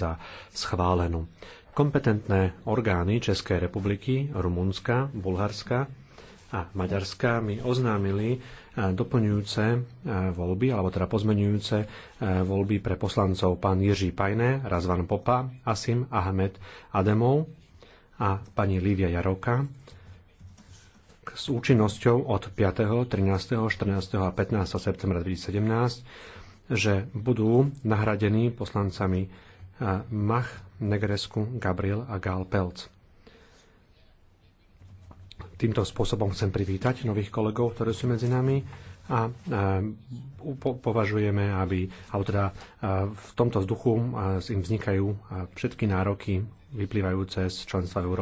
za schválenú. Kompetentné orgány Českej republiky, Rumunska, Bulharska a Maďarska mi oznámili e, doplňujúce e, voľby, alebo teda pozmenujúce e, voľby pre poslancov pán Jiří Pajné, Razvan Popa, Asim Ahmed Ademov a pani Lívia Jaroka s účinnosťou od 5., 13., 14. a 15. septembra 2017, že budú nahradení poslancami Mach, Negresku, Gabriel a Gal Pelc. Týmto spôsobom chcem privítať nových kolegov, ktorí sú medzi nami a e, považujeme, aby, alebo teda e, v tomto vzduchu e, im vznikajú všetky nároky vyplývajúce z členstva Európy.